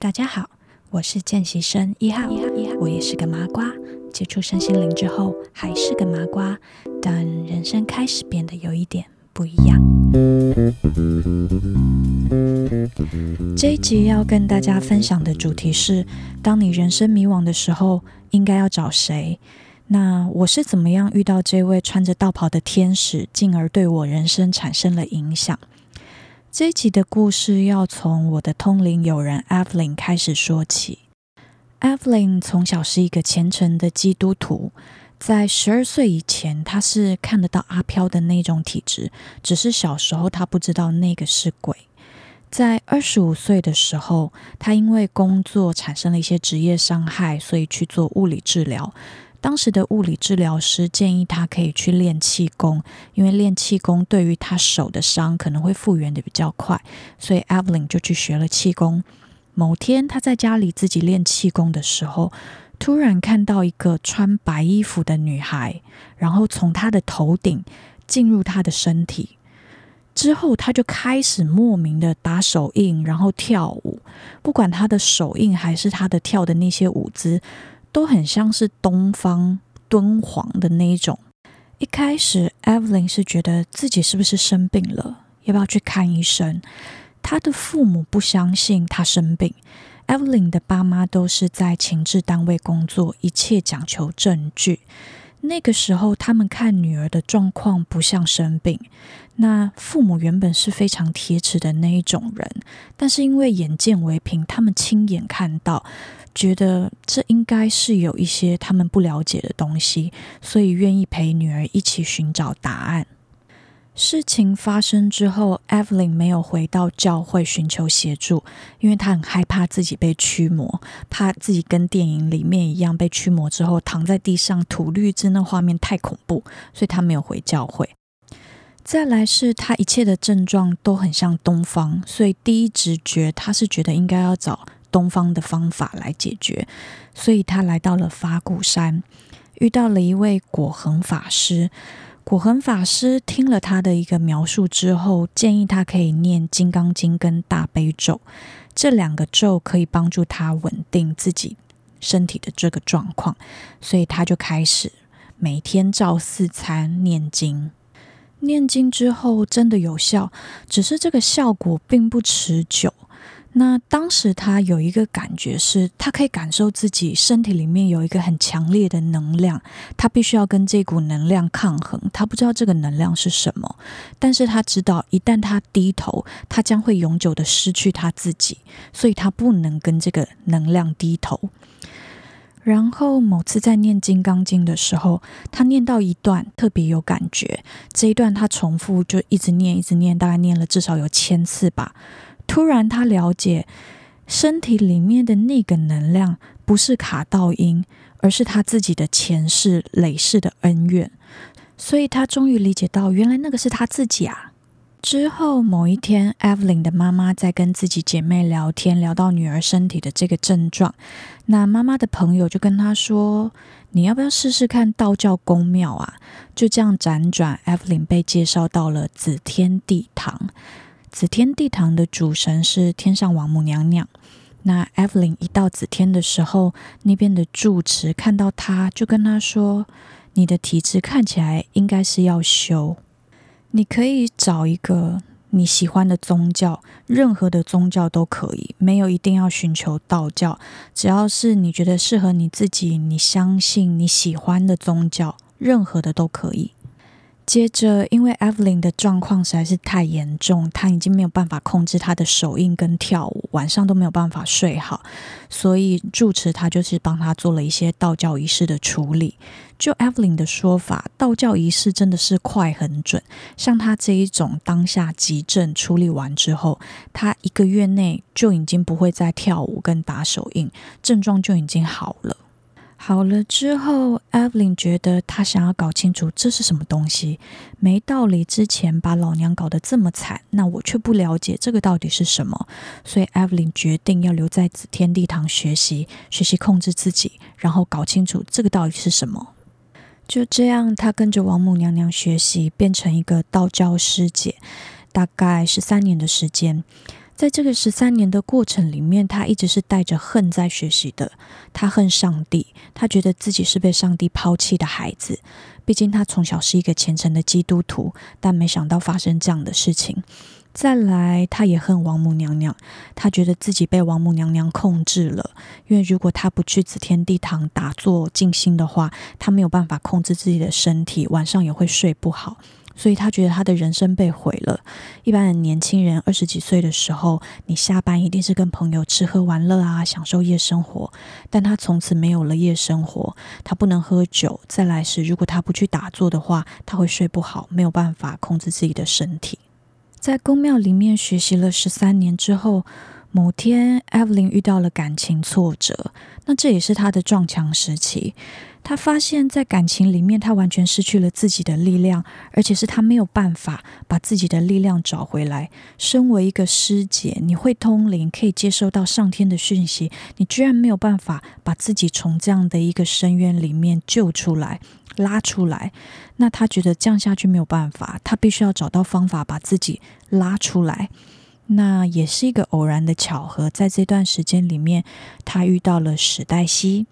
大家好，我是見習生一號，一號，一號。我也是個麻瓜，接觸身心靈之後還是個麻瓜，但人生開始變得有一點不一樣。這一集要跟大家分享的主題是：當你人生迷惘的時候，應該要找誰？那我是怎麼樣遇到這位穿着道袍的天使，進而對我人生產生了影響？這一集的故事要從我的通靈友人 Evelyn 開始說起。Evelyn 從小是一個虔誠的基督徒，在十二歲以前，她是看得到阿飄的那種體質，只是小時候她不知道那個是鬼。在二十五歲的時候，她因為工作產生了一些職業傷害，所以去做物理治療。當時的物理治療師建議他可以去練氣功，因為練氣功對於他手的傷可能會復原得比較快，所以 Evelyn 就去學了氣功。某天他在家裡自己練氣功的時候，突然看到一個穿白衣服的女孩，然後從他的頭頂進入他的身體，之後他就開始莫名的打手印，然後跳舞，不管他的手印還是他的跳的那些舞姿。都很像是東方敦煌的那一種。一開始，Evelyn 是覺得自己是不是生病了，要不要去看醫生？他的父母不相信他生病。Evelyn 的爸媽都是在情治單位工作，一切講求證據。那個時候，他們看女兒的狀況不像生病。那父母原本是非常鐵齒的那一種人，但是因為眼見為憑，他們親眼看到。覺得這應該是有一些他們不了解的東西，所以願意陪女兒一起尋找答案。事情發生之後，Evelyn 沒有回到教會尋求協助，因為她很害怕自己被驅魔，怕自己跟電影裡面一樣被驅魔之後躺在地上吐綠汁，那畫面太恐怖，所以她沒有回教會。再來是她一切的症狀都很像東方，所以第一直覺她是覺得應該要找。東方的方法來解決，所以他來到了法鼓山，遇到了一位果恆法師。果恆法師聽了他的一個描述之後，建議他可以念《金剛經》跟《大悲咒》，這兩個咒可以幫助他穩定自己身體的這個狀況。所以他就開始每天照四餐念經，念經之後真的有效，只是這個效果並不持久。那當時他有一個感覺是，是他可以感受自己身體裡面有一個很強烈的能量，他必須要跟這股能量抗衡。他不知道這個能量是什麼，但是他知道一旦他低頭，他將會永久的失去他自己，所以他不能跟這個能量低頭。然後某次在念《金剛經》的時候，他念到一段特別有感覺，這一段他重複就一直念，一直念，大概念了至少有千次吧。突然，他了解身體裡面的那個能量不是卡到陰，而是他自己的前世累世的恩怨。所以，他終於理解到，原來那個是他自己啊。之後某一天，Evelyn 的媽媽在跟自己姐妹聊天，聊到女兒身體的這個症狀，那媽媽的朋友就跟她說：“你要不要試試看道教宮廟啊？”就這樣輾轉，Evelyn 被介紹到了紫天地堂。紫天地堂的主神是天上王母娘娘。那 Evelyn 一到紫天的時候，那邊的住持看到她，就跟她說：“你的體質看起來應該是要修，你可以找一個你喜歡的宗教，任何的宗教都可以，沒有一定要尋求道教，只要是你覺得適合你自己，你相信你喜歡的宗教，任何的都可以。”接着，因為 Evelyn 的狀況實在是太嚴重，她已經沒有辦法控制她的手印跟跳舞，晚上都沒有辦法睡好，所以住持他就是幫她做了一些道教儀式的處理。就 Evelyn 的說法，道教儀式真的是快狠準，像她這一種當下急症處理完之後，她一個月內就已經不會再跳舞跟打手印，症狀就已經好了。好了之後，Evelyn 覺得她想要搞清楚這是什麼東西，沒道理之前把老娘搞得這麼慘，那我卻不了解這個到底是什麼，所以 Evelyn 決定要留在紫天地堂學習，學習控制自己，然後搞清楚這個到底是什麼。就這樣，她跟着王母娘娘學習，變成一個道教師姐，大概是三年的時間。在這個十三年的過程裡面，他一直是帶着恨在學習的。他恨上帝，他覺得自己是被上帝拋棄的孩子。畢竟他從小是一個虔誠的基督徒，但沒想到發生這樣的事情。再來，他也恨王母娘娘，他覺得自己被王母娘娘控制了。因為如果他不去紫天地堂打坐靜心的話，他沒有辦法控制自己的身體，晚上也會睡不好。所以他覺得他的人生被毀了。一般的年輕人二十幾歲的時候，你下班一定是跟朋友吃喝玩樂啊，享受夜生活。但他從此沒有了夜生活，他不能喝酒。再來是，如果他不去打坐的話，他會睡不好，沒有辦法控制自己的身體。在宮廟裡面學習了十三年之後，某天 Evelyn 遇到了感情挫折，那這也是他的撞牆時期。他發現，在感情裡面，他完全失去了自己的力量，而且是他沒有辦法把自己的力量找回來。身為一個師姐，你會通靈，可以接收到上天的訊息，你居然沒有辦法把自己從這樣的一個深淵裡面救出來、拉出來。那他覺得這樣下去沒有辦法，他必須要找到方法把自己拉出來。那也是一個偶然的巧合，在這段時間裡面，他遇到了史黛西。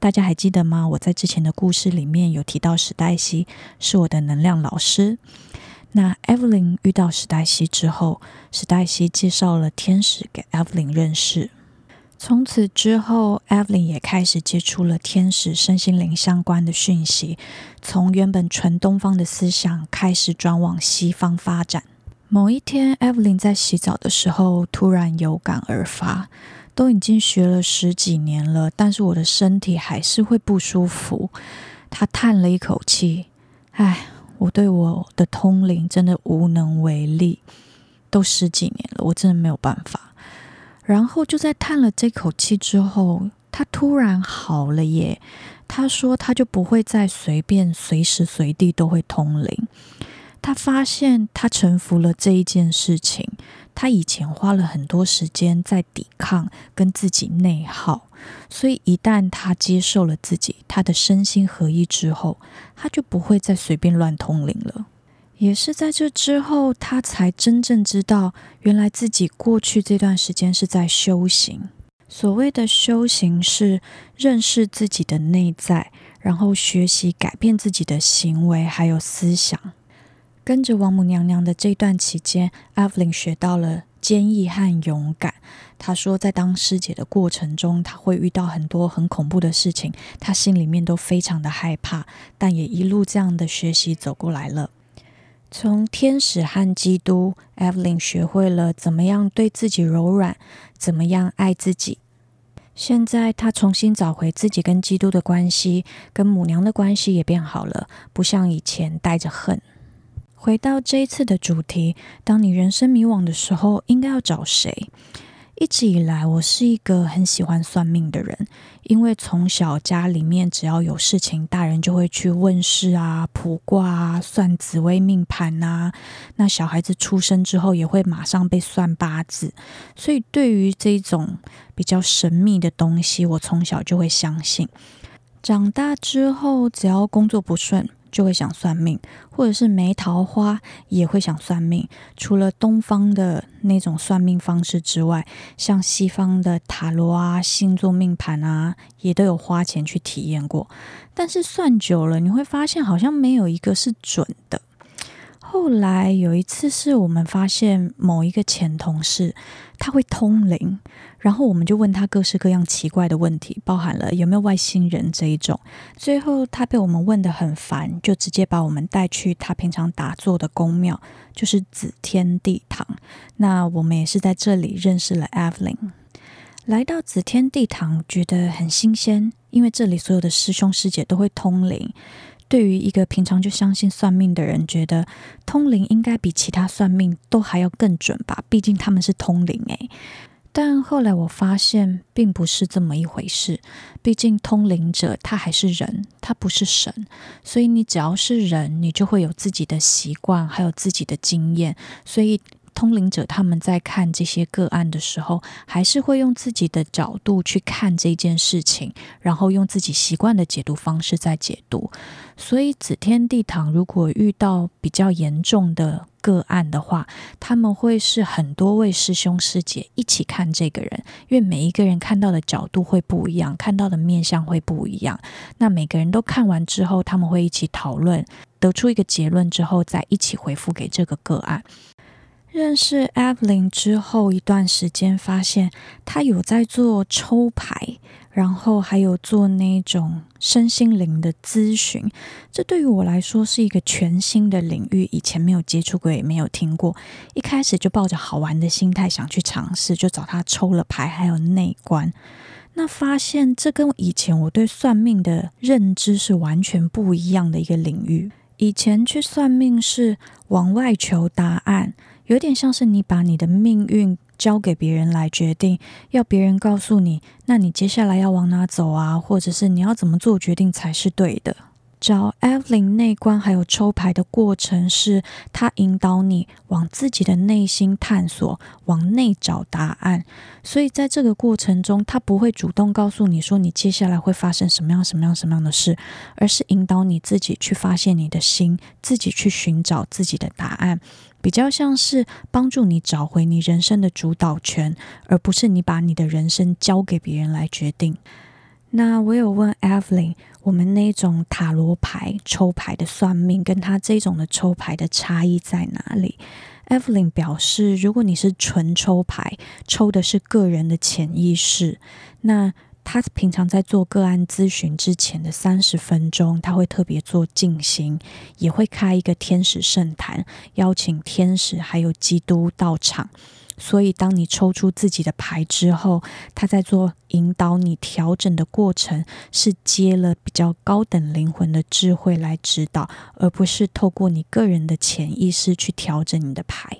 大家還記得嗎？我在之前的故事裡面有提到史黛西是我的能量老師。那 Evelyn 遇到史黛西之後，史黛西介紹了天使給 Evelyn 認識。從此之後，Evelyn 也開始接觸了天使身心靈相關的訊息，從原本純東方的思想開始轉往西方發展。某一天，Evelyn 在洗澡的時候突然有感而發。都已經學了十幾年了，但是我的身體還是會不舒服。他嘆了一口氣，唉，我對我的通靈真的無能為力，都十幾年了，我真的沒有辦法。然後就在嘆了這口氣之後，他突然好了耶。他說他就不會再隨便隨時隨地都會通靈。他發現他臣服了這一件事情。他以前花了很多時間在抵抗跟自己內耗，所以一旦他接受了自己，他的身心合一之後，他就不會再隨便亂通靈了。也是在這之後，他才真正知道，原來自己過去這段時間是在修行。所謂的修行，是認識自己的內在，然後學習改變自己的行為還有思想。跟着王母娘娘的這段期間，Evelyn 學到了堅毅和勇敢。她說，在當師姐的過程中，她會遇到很多很恐怖的事情，她心裡面都非常的害怕，但也一路這樣的學習走過來了。從天使和基督，Evelyn 學會了怎麼樣對自己柔軟，怎麼樣愛自己。現在，她重新找回自己跟基督的關係，跟母娘的關係也變好了，不像以前帶着恨。回到這一次的主題，當你人生迷惘的時候，應該要找誰？一直以來，我是一個很喜歡算命的人，因為從小家裡面只要有事情，大人就會去問事啊、卜卦啊、算紫微命盤吶、啊。那小孩子出生之後，也會馬上被算八字。所以對於這種比較神秘的東西，我從小就會相信。長大之後，只要工作不順。就會想算命，或者是沒桃花，也會想算命。除了東方的那種算命方式之外，像西方的塔羅啊、星座命盤啊，也都有花錢去體驗過。但是算久了，你會發現好像沒有一個是準的。後來有一次，是我們發現某一個前同事他會通靈。然後我們就問他各式各樣奇怪的問題，包含了有沒有外星人這一種。最後他被我們問得很煩，就直接把我們帶去他平常打坐的宮廟，就是紫天地堂。那我們也是在這裡認識了 Evelyn。來到紫天地堂，覺得很新鮮，因為這裡所有的師兄師姐都會通靈。對於一個平常就相信算命的人，覺得通靈應該比其他算命都還要更準吧？畢竟他們是通靈誒。但後來我發現並不是這麼一回事，畢竟通靈者他還是人，他不是神，所以你只要是人，你就會有自己的習慣，還有自己的經驗，所以通靈者他們在看這些個案的時候，還是會用自己的角度去看這件事情，然後用自己習慣的解讀方式再解讀，所以紫天地堂如果遇到比較嚴重的。個案的話，他們會是很多位師兄師姐一起看這個人，因為每一個人看到的角度會不一樣，看到的面相會不一樣。那每個人都看完之後，他們會一起討論，得出一個結論之後，再一起回復給這個個案。認識 Evelyn 之後一段時間，發現他有在做抽牌，然後還有做那種身心靈的諮詢。這對於我來說是一個全新的領域，以前沒有接觸過，也沒有聽過。一開始就抱着好玩的心態想去嘗試，就找他抽了牌，還有內觀。那發現這跟以前我對算命的認知是完全不一樣的一個領域。以前去算命是往外求答案。有點像是你把你的命運交給別人來決定，要別人告訴你，那你接下來要往哪走啊？或者是你要怎麼做決定才是對的？找 Evelyn 內觀還有抽牌的過程是，是他引導你往自己的內心探索，往內找答案。所以在這個過程中，他不會主動告訴你說，你接下來會發生什麼樣、什麼樣、什麼樣的事，而是引導你自己去發現你的心，自己去尋找自己的答案。比較像是幫助你找回你人生的主導權，而不是你把你的人生交給別人來決定。那我有問 Evelyn，我們那種塔羅牌抽牌的算命，跟他這種的抽牌的差異在哪裡？Evelyn 表示，如果你是純抽牌，抽的是個人的潛意識，那。他平常在做個案諮詢之前的三十分鐘，他會特別做靜心，也會開一個天使聖壇，邀請天使還有基督到場。所以，當你抽出自己的牌之後，他在做引導你調整的過程，是接了比較高等靈魂的智慧來指導，而不是透過你個人的潛意識去調整你的牌。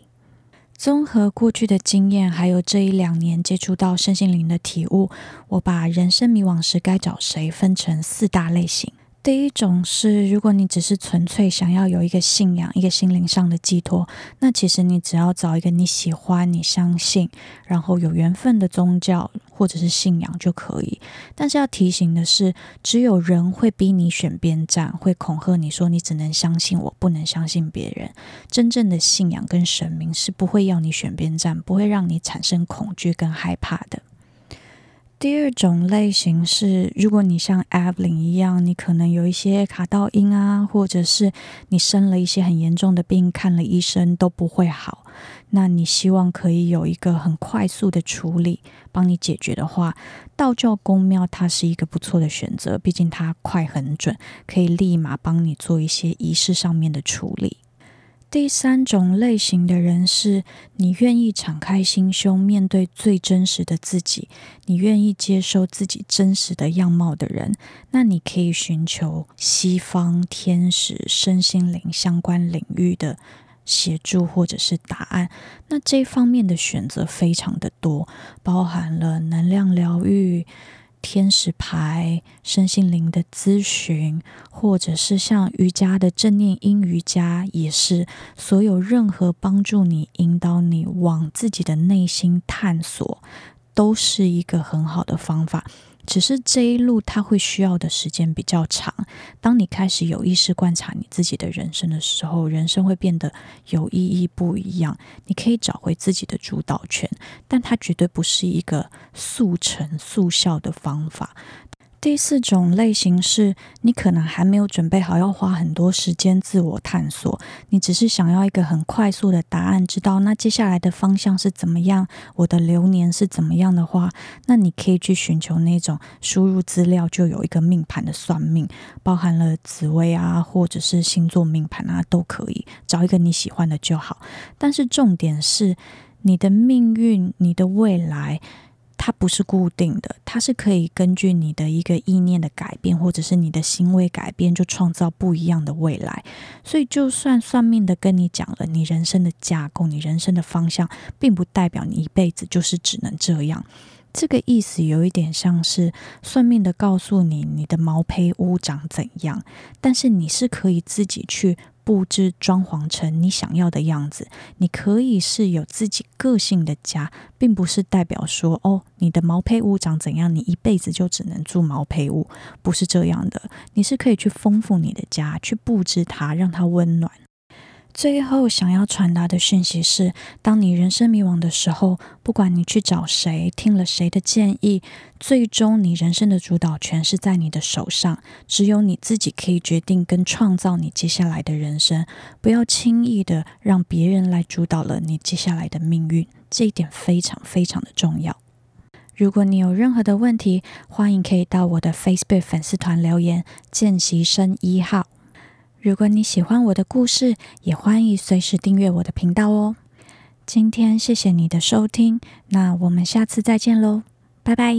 綜合過去的經驗，還有這一兩年接觸到身心靈的體悟，我把人生迷惘時該找誰分成四大類型。第一種是，如果你只是純粹想要有一個信仰、一個心靈上的寄託，那其實你只要找一個你喜歡、你相信，然後有緣分的宗教或者是信仰就可以。但是要提醒的是，只有人會逼你選邊站，會恐嚇你說你只能相信我，不能相信別人。真正的信仰跟神明是不會要你選邊站，不會讓你產生恐懼跟害怕的。第二種類型是，如果你像 Evelyn 一樣，你可能有一些卡到陰啊，或者是你生了一些很嚴重的病，看了醫生都不會好，那你希望可以有一個很快速的處理，幫你解決的話，道教宮廟它是一個不錯的選擇，畢竟它快很準，可以立馬幫你做一些儀式上面的處理。第三種類型的人是你願意敞開心胸面對最真實的自己，你願意接受自己真實的樣貌的人。那你可以尋求西方天使、身心靈相關領域的協助或者是答案。那這方面的選擇非常的多，包含了能量療癒。天使牌、身心靈的諮詢，或者是像瑜伽的正念陰瑜伽，也是所有任何幫助你、引導你往自己的內心探索，都是一個很好的方法。只是這一路它會需要的時間比較長。當你開始有意識觀察你自己的人生的時候，人生會變得有意義不一樣。你可以找回自己的主導權，但它絕對不是一個速成速效的方法。第四種類型是你可能還沒有準備好要花很多時間自我探索，你只是想要一個很快速的答案，知道那接下來的方向是怎麼樣，我的流年是怎麼樣的話，那你可以去尋求那種輸入資料就有一個命盤的算命，包含了紫微啊，或者是星座命盤啊，都可以找一個你喜歡的就好。但是重點是你的命運，你的未來。它不是固定的，它是可以根據你的一個意念的改變，或者是你的行為改變，就創造不一樣的未來。所以，就算算命的跟你講了你人生的架構、你人生的方向，並不代表你一輩子就是只能這樣。這個意思有一點像是算命的告訴你你的毛坯屋長怎樣，但是你是可以自己去。佈置裝潢成你想要的樣子，你可以是有自己個性的家，並不是代表說哦，你的毛坯屋長怎樣，你一輩子就只能住毛坯屋，不是這樣的。你是可以去豐富你的家，去佈置它，讓它溫暖。最後想要傳達的訊息是：當你人生迷惘的時候，不管你去找誰、聽了誰的建議，最終你人生的主導權是在你的手上。只有你自己可以決定跟創造你接下來的人生。不要輕易的讓別人來主導了你接下來的命運。這一點非常非常的重要。如果你有任何的問題，歡迎可以到我的 Facebook 粉絲團留言。見習生一號。如果你喜歡我的故事，也歡迎隨時訂閱我的頻道哦。今天謝謝你的收聽，那我們下次再見嘍，拜拜。